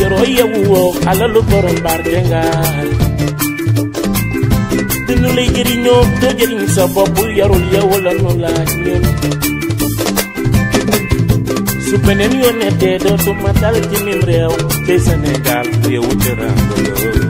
yoro ye wuwo alalu borom bar jenga dinu lay jëriño do jëriñ sa bopp yarul ye wala nu laaj ñen su beneen yonente dootuma dal ci mim réew ci Sénégal réewu tëranga